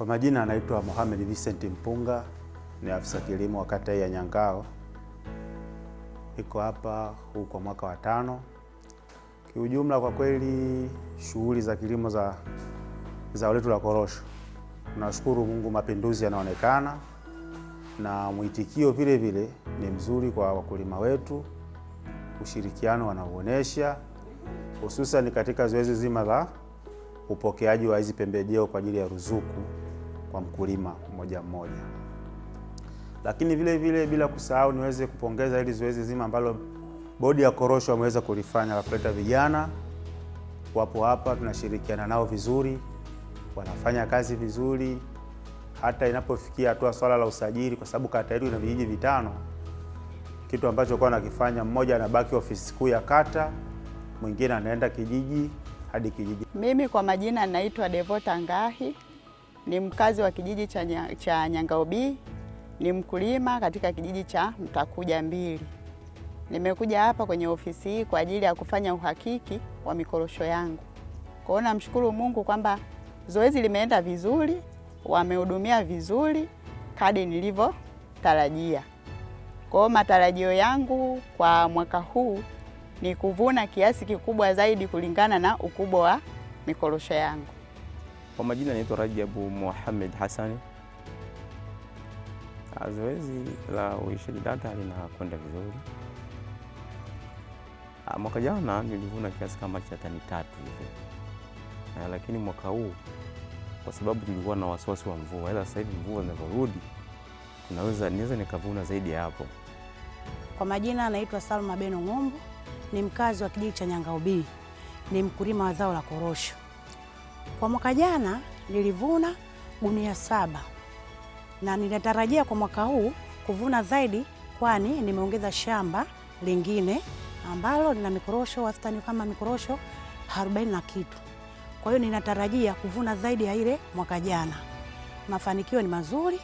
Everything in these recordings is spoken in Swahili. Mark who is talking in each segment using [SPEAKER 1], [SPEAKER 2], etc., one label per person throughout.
[SPEAKER 1] Kwa majina anaitwa Mohamed Vincent Mpunga, ni afisa kilimo wa kata ya Nyangao. Iko hapa huu kwa mwaka wa tano. Kiujumla, kwa kweli shughuli za kilimo za zao letu la korosho, tunashukuru Mungu, mapinduzi yanaonekana na mwitikio vile vile ni mzuri kwa wakulima wetu, ushirikiano wanaoonyesha hususan katika zoezi zima la upokeaji wa hizi pembejeo kwa ajili ya ruzuku kwa mkulima mmoja mmoja. Lakini vile vile bila kusahau, niweze kupongeza hili zoezi zima ambalo bodi ya korosho wameweza kulifanya la kuleta vijana, wapo hapa, tunashirikiana nao vizuri, wanafanya kazi vizuri, hata inapofikia hatua swala la usajili, kwa sababu kata yetu ina vijiji vitano, kitu ambacho kwa nakifanya, mmoja anabaki ofisi kuu ya kata, mwingine anaenda kijiji hadi kijiji.
[SPEAKER 2] Mimi kwa majina naitwa Devota Ngahi ni mkazi wa kijiji cha, cha Nyangaobi, ni mkulima katika kijiji cha Mtakuja mbili. Nimekuja hapa kwenye ofisi hii kwa ajili ya kufanya uhakiki wa mikorosho yangu. Kwa hiyo namshukuru Mungu kwamba zoezi limeenda vizuri, wamehudumia vizuri kadi nilivyotarajia. Kwa hiyo matarajio yangu kwa mwaka huu ni kuvuna kiasi kikubwa zaidi kulingana na ukubwa wa mikorosho yangu.
[SPEAKER 3] Kwa majina naitwa Rajabu Muhammad Hassani. Ah, zoezi la uishaji data linakwenda vizuri. Ah, mwaka jana nilivuna kiasi kama cha tani tatu hivi, ah, lakini mwaka huu kwa sababu tulikuwa na wasiwasi wa mvua, ila sasa hivi mvua zinavyorudi tunaweza niweza nikavuna zaidi ya hapo.
[SPEAKER 4] Kwa majina anaitwa Salma Beno Ng'ombo, ni mkazi wa kijiji cha Nyangaubili, ni mkulima wa zao la korosho. Kwa mwaka jana nilivuna gunia saba na ninatarajia kwa mwaka huu kuvuna zaidi, kwani nimeongeza shamba lingine ambalo lina mikorosho wastani kama mikorosho 40 na kitu. Kwa hiyo ninatarajia kuvuna zaidi ya ile mwaka jana. Mafanikio ni mazuri,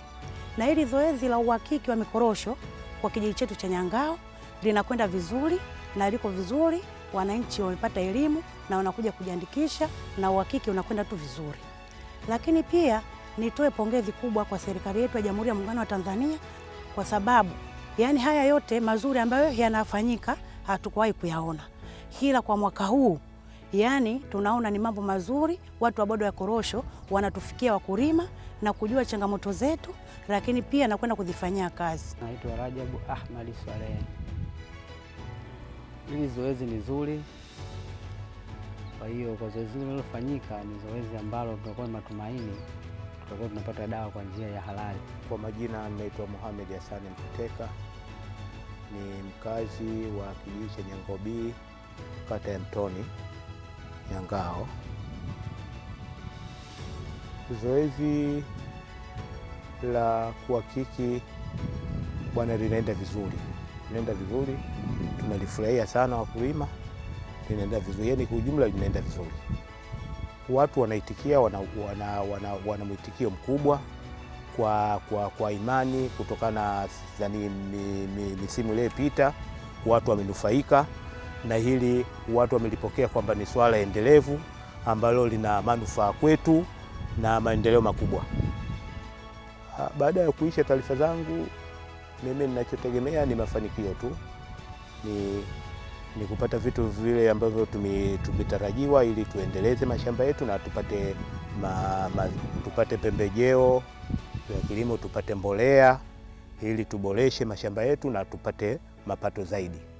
[SPEAKER 4] na hili zoezi la uhakiki wa mikorosho kwa kijiji chetu cha Nyangao linakwenda vizuri na liko vizuri wananchi wamepata elimu na wanakuja kujiandikisha na uhakiki unakwenda tu vizuri. Lakini pia nitoe pongezi kubwa kwa serikali yetu ya Jamhuri ya Muungano wa Tanzania kwa sababu yani haya yote mazuri ambayo yanafanyika hatukuwahi kuyaona, kila kwa mwaka huu yani tunaona ni mambo mazuri. Watu wa bodo ya korosho wanatufikia wakulima na kujua changamoto zetu, lakini pia nakwenda kuzifanyia kazi.
[SPEAKER 5] Naitwa Rajabu Ahmadi Swalehe. Hili zoezi ni zuri, kwa hiyo kwa zoezi hili lilofanyika, ni zoezi ambalo tutakuwa na matumaini tutakuwa tunapata dawa kwa njia ya halali.
[SPEAKER 1] Kwa majina naitwa Mohamed Hasani Mkuteka, ni mkazi wa kijiji cha Nyangobii, kata ya Mtoni Nyangao. Zoezi la kuhakiki bwana linaenda vizuri, linaenda vizuri tunalifurahia sana wakulima, linaenda vizuri, yani kwa ujumla linaenda vizuri, watu wanaitikia, wana, wana, wana, wana mwitikio mkubwa kwa, kwa, kwa imani kutokana na misimu mi, mi iliyopita watu wamenufaika na hili, watu wamelipokea kwamba ni swala endelevu ambalo lina manufaa kwetu na maendeleo makubwa. Baada ya kuisha taarifa zangu, mimi ninachotegemea ni mafanikio tu ni, ni kupata vitu vile ambavyo tumetarajiwa ili tuendeleze mashamba yetu na tupate, ma, ma, tupate pembejeo ya kilimo tupate mbolea ili tuboreshe mashamba yetu na tupate mapato zaidi.